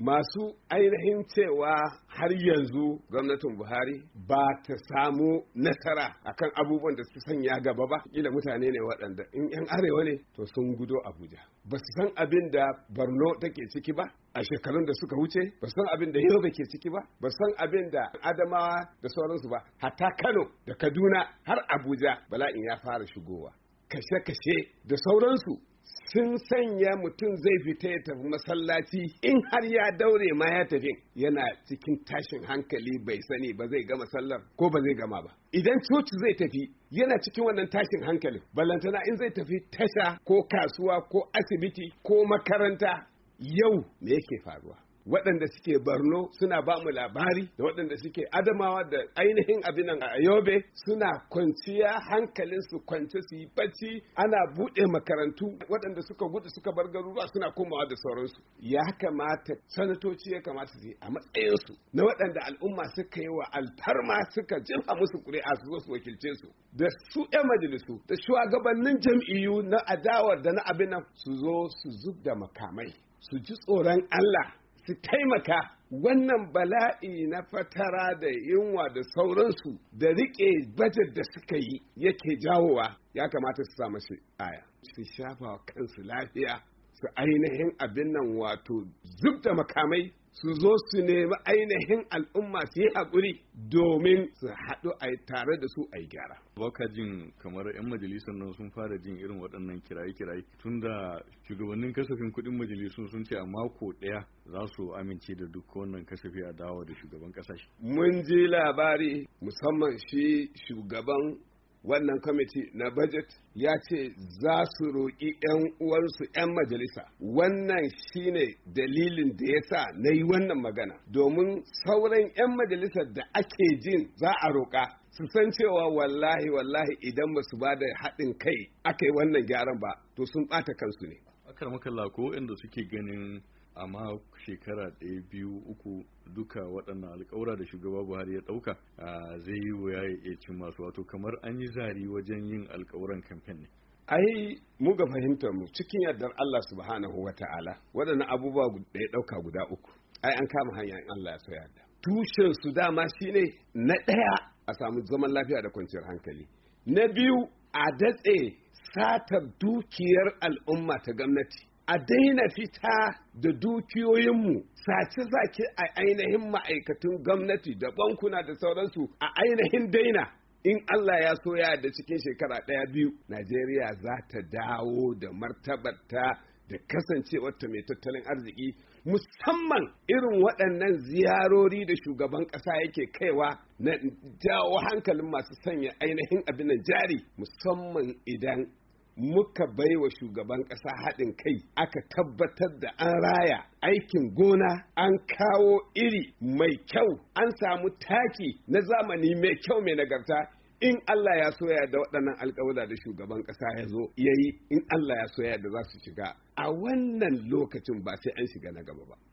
masu ainihin cewa har yanzu gwamnatin buhari ba ta samu nasara akan abubuwan da su sanya gaba ba kila mutane ne waɗanda in yan arewa ne to sun gudo abuja ba su san abin da borno take ciki ba a shekarun da suka wuce ba san abin da yau ke ciki ba ba san abin da adamawa da sauransu ba hatta kano da kaduna har abuja bala'in ya fara shigowa kashe-kashe da sauransu sun sanya mutum zai fita ya tafi masallaci in har ya daure ma ya tafi yana cikin tashin hankali bai sani ba zai gama sallar ko ba zai gama ba idan coci zai tafi yana cikin wannan tashin hankali balantana in zai tafi tasha ko kasuwa ko asibiti ko makaranta yau me yake faruwa waɗanda suke barno suna ba mu labari da waɗanda suke Adamawa da ainihin abin a Yobe suna kwanciya hankalin su kwance su yi bacci ana buɗe makarantu waɗanda suka gudu suka bar garuruwa suna komawa da sauransu ya kamata sanatoci ya kamata su yi a matsayin su na waɗanda al'umma suka yi wa alfarma suka jefa musu ƙuri'a su zo su wakilce su da su 'yan majalisu da shugabannin jam'iyyu na adawar da na abin nan su zo su zub da makamai su ji tsoron Allah su taimaka wannan bala'i na fatara da yunwa da sauransu da riƙe bajet da suka yi yake jawowa ya kamata su samu shi aya su shafa wa kansu lafiya su ainihin abin nan wato zub da makamai su zo su nemi ainihin al'umma su yi haƙuri domin su haɗu a tare da su a yi gyara. Baka jin kamar 'yan majalisar nan sun fara jin irin waɗannan kiraye-kiraye tun da shugabannin kasafin kuɗin majalisun sun ce a mako ɗaya za su amince da duk wannan kasafi a dawo da shugaban ƙasashe. Mun ji labari musamman shi shugaban wannan kwamiti na budget ya ce za su roƙi 'yan uwansu 'yan majalisa wannan shine dalilin da ya sa na yi wannan magana domin sauran 'yan majalisar da ake jin za a roƙa su san cewa wallahi wallahi idan ba su ba da haɗin kai aka yi wannan gyaran ba to sun ɓata kansu ne akar ko inda suke ganin amma shekara ɗaya biyu uku duka waɗannan alƙawura da shugaba buhari ya ɗauka zai yi wuya ya iya cin masu wato kamar an yi zari wajen yin alƙawuran kamfen ne ai mu ga fahimtar mu cikin yardar Allah subhanahu wa ta'ala waɗannan abubuwa da ɗauka guda uku ai an kama hanya in Allah ya so yarda tushen su dama shine na ɗaya a samu zaman lafiya da kwanciyar hankali na biyu a datse satar dukiyar al'umma ta gwamnati a daina fita da dukiyoyinmu sace zaki a ainihin ma'aikatun gwamnati da bankuna da sauransu a ainihin daina in Allah ya soya da cikin shekara ɗaya biyu Najeriya za ta dawo da martabarta da kasancewarta mai tattalin arziki musamman irin waɗannan ziyarori da shugaban ƙasa yake kaiwa na jawo hankalin masu sanya ainihin abin jari musamman idan muka bai wa shugaban ƙasa haɗin kai aka tabbatar da an raya aikin gona an kawo iri mai kyau an samu taki na zamani mai kyau mai nagarta in Allah ya soya da waɗannan alƙawura da shugaban ƙasa ya zo ya yi in Allah ya soya da za su shiga a wannan lokacin ba sai an shiga na gaba ba